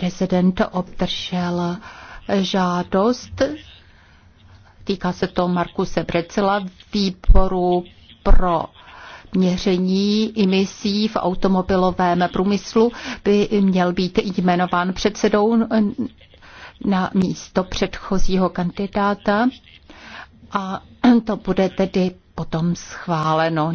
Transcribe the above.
prezident obdržel žádost, týká se to Markuse Brecela, výboru pro měření emisí v automobilovém průmyslu by měl být jmenován předsedou na místo předchozího kandidáta a to bude tedy potom schváleno.